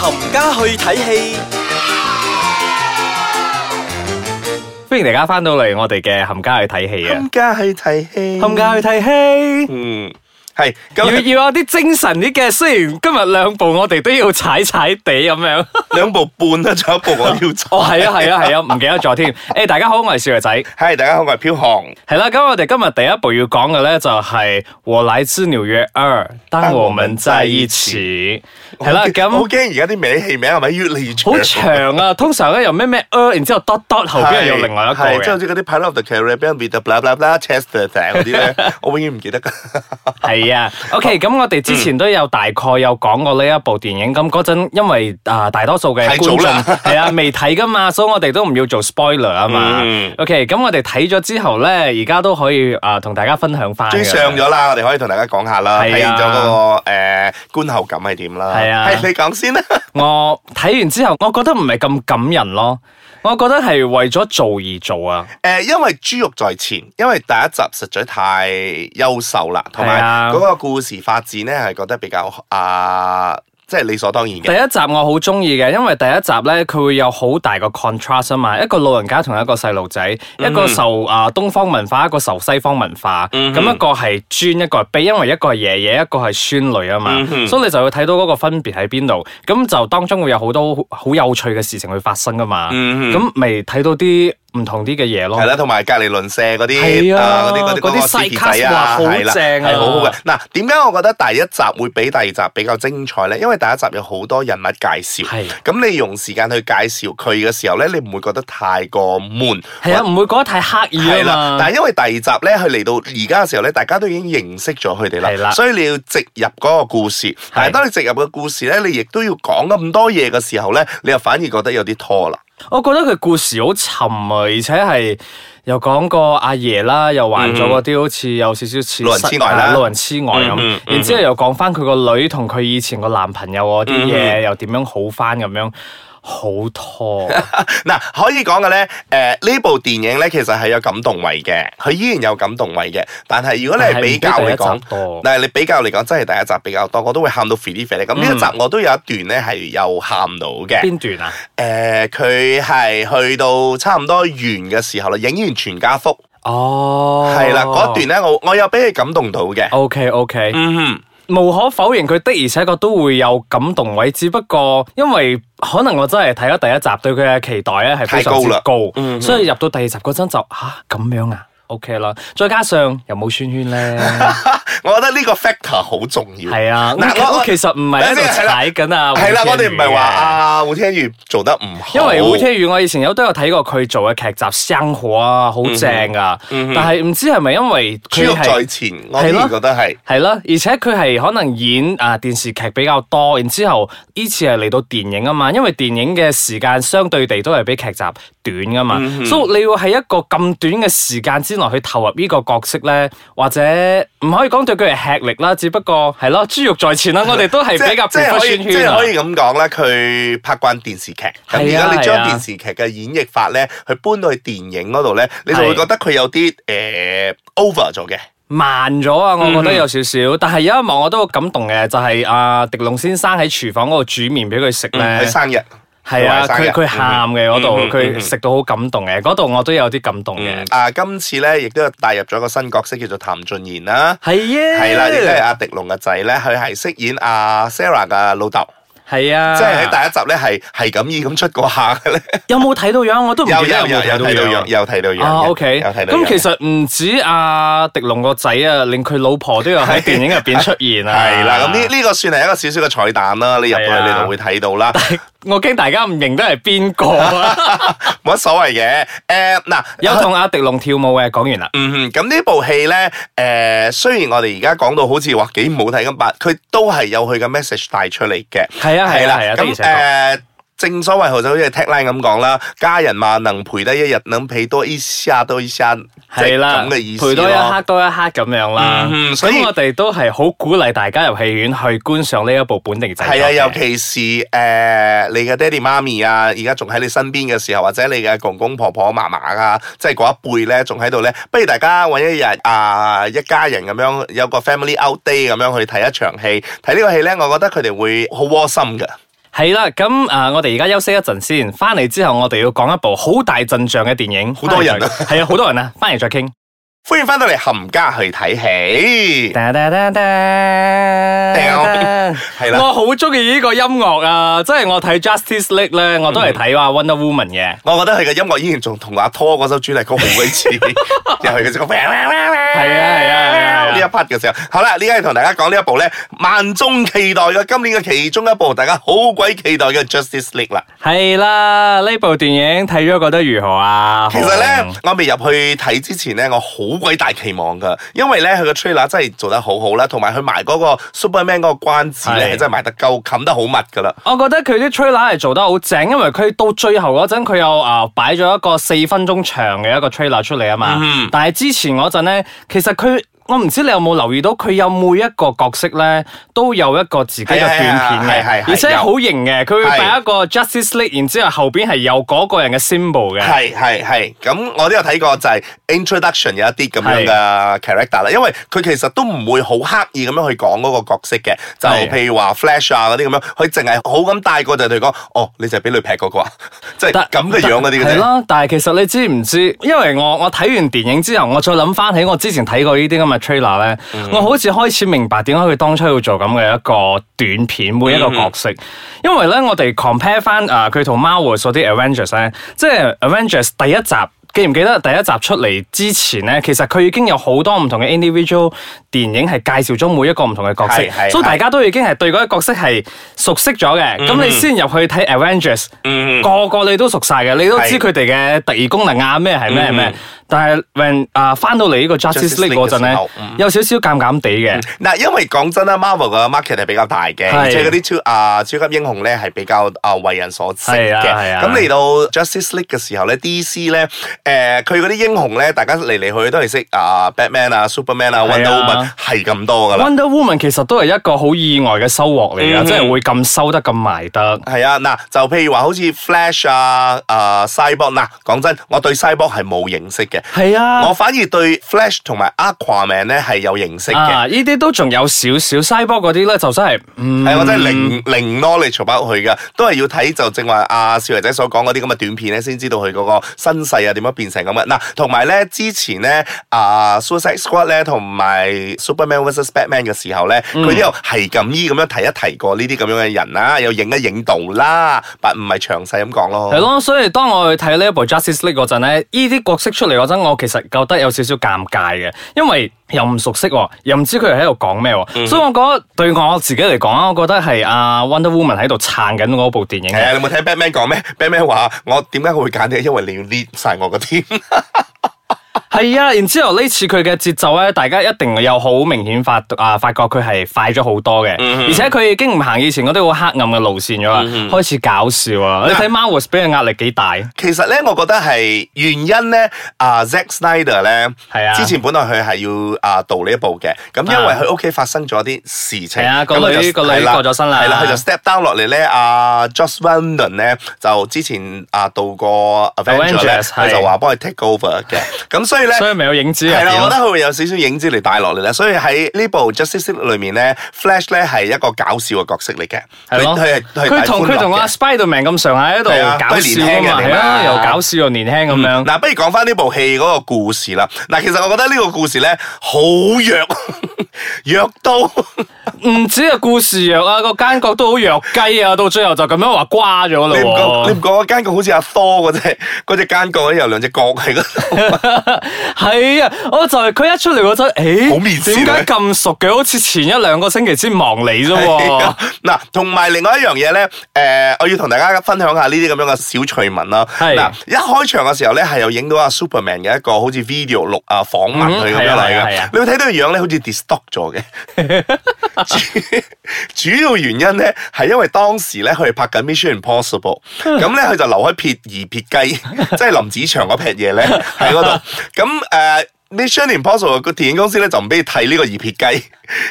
冚家去睇戲，歡迎大家翻到嚟我哋嘅冚家去睇戲啊！冚家去睇戲，冚家去睇戲。嗯。係要要有啲精神啲嘅，雖然今日兩部我哋都要踩踩地咁樣，兩部半啦，仲有一部我要做。哦，係啊，係啊，係啊，唔記得咗添。誒，大家好，我係小肥仔。係，大家好，我係飄紅。係啦，咁我哋今日第一部要講嘅咧就係《我來自紐約二》，當我們在一起。係啦，咁好驚而家啲美戲名係咪越嚟越長？好長啊！通常咧由咩咩二，然之後 dot dot 後邊又另外一個即係好似嗰啲《Pirates of the Caribbean》俾人 read 到 bla bla bla chest 嗰啲咧，我永遠唔記得㗎。係。OK 咁我哋之前都有大概有講過呢一部電影，咁嗰陣因為啊大多數嘅觀眾係早 啊未睇噶嘛，所以我哋都唔要做 spoiler 啊嘛。嗯、OK，咁我哋睇咗之後咧，而家都可以啊同大家分享翻已經上咗啦，我哋可以同大家講下啦，睇、啊、完咗、嗰個誒、呃、觀後感係點啦。係啊，啊你講先啦。 我睇完之後，我覺得唔係咁感人咯。我覺得係為咗做而做啊！呃，因為珠玉在前，因為第一集實在太優秀啦，同埋嗰個故事發展呢，係覺得比較啊。呃即係理所當然嘅。第一集我好中意嘅，因為第一集咧佢會有好大個 contrast 啊嘛，一個老人家同一個細路仔，一個受啊東方文化，一個受西方文化，咁、mm hmm. 一個係尊，一個係卑，因為一個係爺爺，一個係孫女啊嘛，mm hmm. 所以你就會睇到嗰個分別喺邊度，咁就當中會有好多好有趣嘅事情會發生噶嘛，咁未睇到啲。唔同啲嘅嘢咯，係啦，同埋隔籬鄰舍嗰啲啊，嗰啲嗰啲細啊，係啦，正啊，係好好嘅。嗱，點解我覺得第一集會比第二集比較精彩咧？因為第一集有好多人物介紹，咁你用時間去介紹佢嘅時候咧，你唔會覺得太過悶？係啊，唔會覺得太刻意，係啦，但係因為第二集咧，佢嚟到而家嘅時候咧，大家都已經認識咗佢哋啦，係啦，所以你要直入嗰個故事，但係當你直入個故事咧，你亦都要講咁多嘢嘅時候咧，你又反而覺得有啲拖啦。我覺得佢故事，好沉迷、啊，而且係又講過阿爺啦，又還咗嗰啲好似有少少似路人痴呆老人痴呆咁，嗯嗯、然之後又講翻佢個女同佢以前個男朋友啲嘢，又點樣好翻咁樣。好拖嗱， 可以講嘅咧，誒、呃，呢部電影咧其實係有感動位嘅，佢依然有感動位嘅，但係如果你係比較嚟講多，但係你比較嚟講真係第一集比較多，我都會喊到肥啲肥啲。咁呢、嗯、一集我都有一段咧係有喊到嘅。邊、嗯、段啊？誒、呃，佢係去到差唔多完嘅時候啦，影完全家福。哦，係啦，嗰段咧我我有俾佢感動到嘅。O K O K。嗯哼。無可否認，佢的而且確都會有感動位，只不過因為可能我真係睇咗第一集，對佢嘅期待咧係非常高，高所以入到第二集嗰陣就吓咁、啊、樣啊。O K 啦，再加上又冇圈圈咧， 我覺得呢個 factor 好重要。係啊，嗱，我其實唔係一路睇緊啊。係啦，我哋唔係話啊，胡天宇做得唔好。因為胡天宇，我以前有都有睇過佢做嘅劇集《生活》啊，好正噶、啊。嗯嗯、但係唔知係咪因為佢在前，啊、我係係咯，而且佢係可能演啊電視劇比較多，然之後依次係嚟到電影啊嘛，因為電影嘅時間相對地都係比劇集短噶嘛，嗯、哼所以你會係一個咁短嘅時間之來去投入呢個角色咧，或者唔可以講，對佢係吃力啦，只不過係咯，豬肉在前啦， 我哋都係比較皮膚、啊、即係可以咁講咧，佢拍慣電視劇，而家你將電視劇嘅演繹法咧，去搬到去電影嗰度咧，你就會覺得佢有啲誒的、呃、over 咗嘅，慢咗啊！我覺得有少少，嗯、哼但係有一幕我都好感動嘅，就係阿狄龍先生喺廚房嗰度煮麵俾佢食咧，佢、嗯、生日。係啊，佢佢喊嘅嗰度，佢食到好感動嘅嗰度，我都有啲感動嘅。啊，今次咧亦都帶入咗個新角色叫做譚俊賢啦，係啊，係啦，亦都係阿狄龍嘅仔咧，佢係飾演阿 Sarah 嘅老豆，係啊，即係喺第一集咧係係咁意咁出過下，有冇睇到樣？我都唔記得有冇睇到樣，有睇到樣啊，OK。咁其實唔止阿狄龍個仔啊，令佢老婆都有喺電影入邊出現啊，係啦，咁呢呢個算係一個少少嘅彩蛋啦，你入到去你就會睇到啦。我驚大家唔認得係邊個，冇乜、啊、 所謂嘅。誒、呃，嗱、呃，有同阿迪龍跳舞嘅，講完啦。嗯，咁呢部戲咧，誒、呃，雖然我哋而家講到好似話幾唔好睇咁，但佢都係有佢嘅 message 帶出嚟嘅。係啊，係啦，咁誒。正所謂好似好似 tagline 咁講啦，家人嘛，能陪得一日，能陪多一下多一下，係啦咁嘅意思，陪多一刻多一刻咁樣啦。所以我哋都係好鼓勵大家入戲院去觀賞呢一部本地製作。係啊，尤其是誒你嘅爹哋媽咪啊，而家仲喺你身邊嘅時候，或者你嘅公公婆婆、嫲嫲啊，即係嗰一輩咧，仲喺度咧，不如大家揾一日啊，一家人咁樣有個 family out day 咁樣去睇一場戲，睇呢個戲咧，我覺得佢哋會好窩心嘅。係啦，咁我哋而家休息一陣先，翻嚟之後我哋要講一部好大陣仗嘅電影，好多人，啊，係啊， 好多人啊，翻嚟再傾。歡迎翻到嚟冚家去睇戲，係啦，我好中意呢個音樂啊！即係我睇 Justice League 咧，我都係睇話 Wonder Woman 嘅。我覺得佢嘅音樂依然仲同阿拖嗰首主題曲好鬼似，係啊係啊係啊！呢一 part 嘅時候，好啦，呢家係同大家講呢一部咧萬眾期待嘅今年嘅其中一部，大家好鬼期待嘅 Justice League 啦。係啦，呢部電影睇咗覺得如何啊？其實咧，我未入去睇之前咧，我好。好鬼大期望噶，因為咧佢個 trailer 真係做得好好啦，同埋佢埋嗰個 Superman 嗰個關子咧，真係的埋得夠，冚得好密噶啦。我覺得佢啲 trailer 係做得好正，因為佢到最後嗰陣佢又啊擺咗一個四分鐘長嘅一個 trailer 出嚟啊嘛。嗯、哼但係之前嗰陣咧，其實佢。我唔知你有冇留意到，佢有每一個角色咧，都有一個自己嘅短片嘅，對對對對，而且好型嘅。佢第一個 Justice League 然之後後邊係有個人嘅 symbol 嘅。係係係，咁我都有睇過，就係 introduction 有一啲咁樣嘅 character 啦。因為佢其實都唔會好刻意咁樣去講嗰個角色嘅。就譬如話 Flash 啊啲咁樣，佢淨係好咁帶過就對講哦，你就係俾雷劈嗰個啊！即係得咁嘅樣㗎啲嘢。係咯，但係其實你知唔知？因為我我睇完電影之後我再諗翻起我之前睇過呢啲咁嘅。trailer 咧， 我好似開始明白點解佢當初要做咁嘅一個短片，每一個角色，mm hmm. 因為咧我哋 compare 翻啊，佢同 Marvel 嗰啲 Avengers 咧，gers, 即係 Avengers 第一集，記唔記得第一集出嚟之前咧，其實佢已經有好多唔同嘅 individual 電影係介紹咗每一個唔同嘅角色，是是是所以大家都已經係對嗰個角色係熟悉咗嘅，咁、mm hmm. 你先入去睇 Avengers，、mm hmm. 個個你都熟晒嘅，你都知佢哋嘅特異功能啊咩係咩係咩。但係 when 啊翻到嚟呢個 Justice League 陣咧，嗯、有少少尷尬啲嘅。嗱、嗯，因為講真啦，Marvel 嘅 market 係比較大嘅，是而且啲超啊、uh, 超級英雄咧係比較啊為人所知嘅。咁嚟、啊啊、到 Justice League 嘅時候咧，DC 咧，誒佢啲英雄咧，大家嚟嚟去去都係識 uh, Batman, uh, Superman, uh, 啊 Batman 啊 Superman 啊 Wonder Woman 係咁多噶啦。Wonder Woman 其實都係一個好意外嘅收穫嚟啊，即係會咁收得咁埋得。係啊，嗱就譬如話好似 Flash 啊、uh, Cyborg, 啊 Cyborg 嗱，講真我對 Cyborg 係冇認識嘅。係啊，我反而對 Flash 同埋 Aquaman 咧係有認識嘅。呢啲、啊、都仲有少少 Cyborg 嗰啲咧，就真係，係我真係零零 knowledge 唔去噶，都係要睇就正話阿少爺仔所講嗰啲咁嘅短片咧，先知道佢嗰個身世啊點樣變成咁嘅。嗱、啊，同埋咧之前咧啊，Suicide Squad 同埋 Superman vs Batman 嘅時候咧，佢、嗯、都有係咁依咁樣提一提過呢啲咁樣嘅人啦、啊，又影一影到啦，但唔係詳細咁講咯。係咯、啊，所以當我去睇呢一部 Justice League 嗰陣咧，依啲角色出嚟真我其實覺得有少少尷尬嘅，因為又唔熟悉，又唔知佢喺度講咩，嗯、哼所以我覺得對我自己嚟講啊，我覺得係阿、uh, Wonder Woman 喺度撐緊嗰部電影。係啊，你冇聽 Batman 講咩？Batman 話，我點解佢會揀你？因為你要 lift 晒我個天。 係啊，然之後呢次佢嘅節奏咧，大家一定又好明顯發啊，發覺佢係快咗好多嘅，而且佢已經唔行以前嗰啲好黑暗嘅路線咗，開始搞笑啊！你睇 Marvel 俾佢壓力幾大？其實咧，我覺得係原因咧，阿 Zack Snyder 咧，係啊，之前本來佢係要阿導呢一部嘅，咁因為佢屋企發生咗啲事情，係啊，個女個女過咗身啦，係啦，佢就 step down 落嚟咧，阿 Joss Whedon 咧就之前阿導過 Avengers，佢就話幫佢 take over 嘅，咁。所以咧，所以未有影子係、啊，我覺得佢會有少少影子嚟帶落嚟咧。所以喺呢部《Justice》裏面咧，Flash 咧係一個搞笑嘅角色嚟嘅，佢佢佢同阿 Spider-Man 咁上下喺度搞笑嘅的嘛，係啊的，又搞笑又年輕咁樣。嗱、嗯，不如講翻呢部戲嗰個故事啦。嗱，其實我覺得呢個故事咧好弱。 弱到唔 止啊！故事弱啊，個奸角都好弱雞啊，到最後就咁樣話瓜咗啦。你唔覺，你唔覺個奸角好似阿科嗰隻，嗰隻奸角有兩隻角喺度。係啊， 我就係佢一出嚟嗰陣，誒、哎，好面，點解咁熟嘅、啊？好似前一兩個星期先忙你啫、啊。嗱，同埋另外一樣嘢咧，誒，我要同大家分享下呢啲咁樣嘅小趣聞啦。嗱，是是 一開場嘅時候咧，係有影到阿 Superman 嘅一個錄、啊啊啊、好似 video 錄啊訪問佢咁樣嚟嘅。你會睇到個樣咧，好似咗嘅， 主要原因咧係因為當時咧佢哋拍緊《Mission Impossible》，咁咧佢就留喺撇二撇雞， 即係林子祥嗰撇嘢咧喺嗰度，咁誒。Mission Impossible 個電影公司咧就唔俾你睇呢個二撇雞，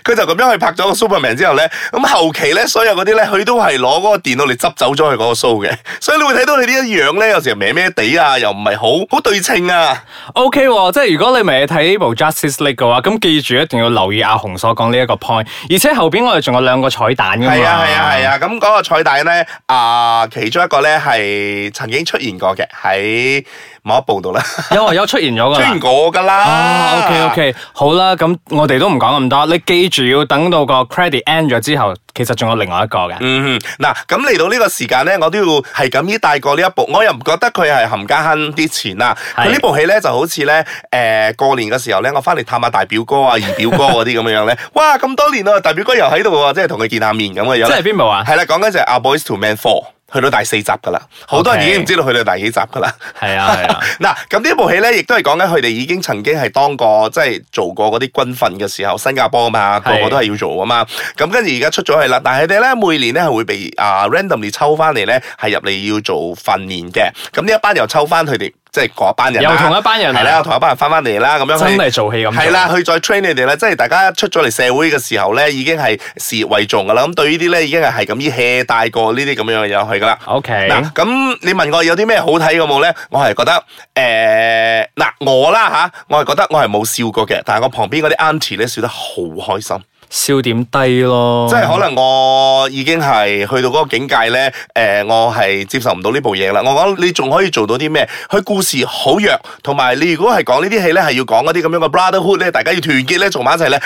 佢 就咁樣去拍咗個 Superman 之後咧，咁後期咧所有嗰啲咧佢都係攞嗰個電腦嚟執走咗佢嗰個 show 嘅， 所以你會睇到你呢一樣咧有時候歪歪地啊，又唔係好好對稱啊。O K，即係如果你唔係睇呢部 Justice League 嘅話，咁記住一定要留意阿紅所講呢一個 point，而且後邊我哋仲有兩個彩蛋噶嘛。係啊係啊係啊，咁嗰、啊啊嗰個彩蛋咧，啊、呃、其中一個咧係曾經出現過嘅喺。某一步度咧，有啊有出現咗噶， 出現過噶啦。OK OK，好啦，咁我哋都唔講咁多，你記住要等到個 credit end 咗之後，其實仲有另外一個嘅。嗯嗯，嗱，咁嚟到呢個時間咧，我都要係咁意帶過呢一部，我又唔覺得佢係冚家慳啲錢啊。佢呢是部戲咧就好似咧，誒、呃，過年嘅時候咧，我翻嚟探下大表哥啊、二表哥嗰啲咁樣樣咧， 哇，咁多年啊，大表哥又喺度喎，即係同佢見下面咁嘅樣。即係邊部啊？係啦，講緊就係《阿 boys to man four》。去到第四集噶啦，好 Okay. 多人已經唔知道去到第幾集噶啦。係啊，係啊。嗱，咁呢部戲咧，亦都係講緊佢哋已經曾經係當過，即係做過嗰啲軍訓嘅時候，新加坡啊嘛，個個都係要做啊嘛。咁是跟住而家出咗去啦，但係佢哋咧每年咧係會被啊、uh, randomly 抽翻嚟咧，係入嚟要做訓練嘅。咁呢一班又抽翻佢哋。即係嗰班人、啊、又同一班人係、啊、啦，同一班人翻翻嚟啦，咁樣真係做戲咁。係啦，去再 train 你哋啦，即係大家出咗嚟社會嘅時候咧，已經係事業為重噶啦。咁對於呢啲咧，已經係係咁啲 hea 帶過呢啲咁樣嘅嘢去噶啦。OK 嗱、啊，咁你問我有啲咩好睇嘅冇咧？我係覺得誒嗱、呃啊、我啦吓、啊，我係覺得我係冇笑過嘅，但係我旁邊嗰啲 auntie 咧笑得好開心。笑點低咯，即係可能我已經係去到嗰個境界呢。誒、呃，我係接受唔到呢部嘢啦。我講，你仲可以做到啲咩？佢故事好弱，同埋你如果係講呢啲戲呢，係要講嗰啲咁樣嘅 brotherhood 呢，大家要團結呢，做埋一齊呢。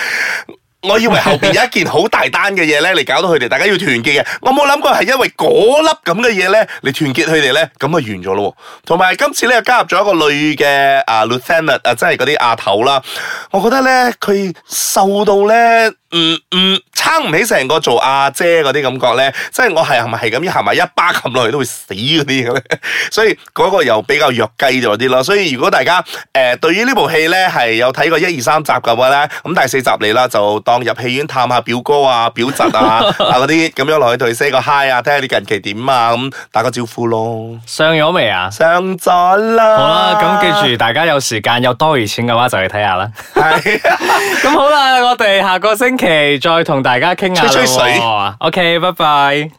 我以為後邊有一件好大單嘅嘢咧，嚟搞到佢哋大家要團結嘅。我冇諗過係因為嗰粒咁嘅嘢咧，嚟團結佢哋咧，咁啊完咗咯。同埋今次咧又加入咗一個女嘅啊，Luther 啊，即係嗰啲阿頭啦。我覺得咧佢瘦到咧，嗯嗯撐唔起成個做阿姐嗰啲感覺咧，即係我係係咪係咁樣，行埋一巴冚落去都會死嗰啲嘅咧？所以嗰個又比較弱雞咗啲咯。所以如果大家誒、呃、對於呢部戲咧係有睇過一二三集咁嘅話咧，咁第四集嚟啦就。入戲院探下表哥啊、表侄啊、啊嗰啲咁樣落去同你 say 個 hi 啊，睇下你近期點啊，咁打個招呼咯。上咗未啊？上咗啦。好啦，咁記住大家有時間有多餘錢嘅話就去睇下啦。係，咁好啦，我哋下個星期再同大家傾下。吹吹水。OK，拜拜。